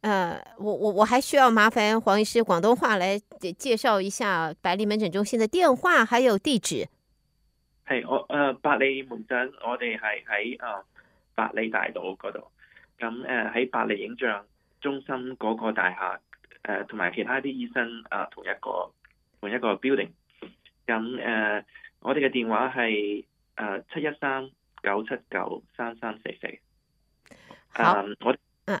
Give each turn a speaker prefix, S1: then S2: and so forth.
S1: 誒、uh,，我我我還需要麻煩黃醫師廣東話來介紹一下百利門診中心的電話，還有地址。
S2: 係我誒、啊，百利門診我哋係喺誒百利大道嗰度，咁誒喺百利影像中心嗰個大廈誒，同、啊、埋其他啲醫生誒、啊、同一個同一個 building。咁誒、啊，我哋嘅電話係誒七一三九七九三三四四。好，我、啊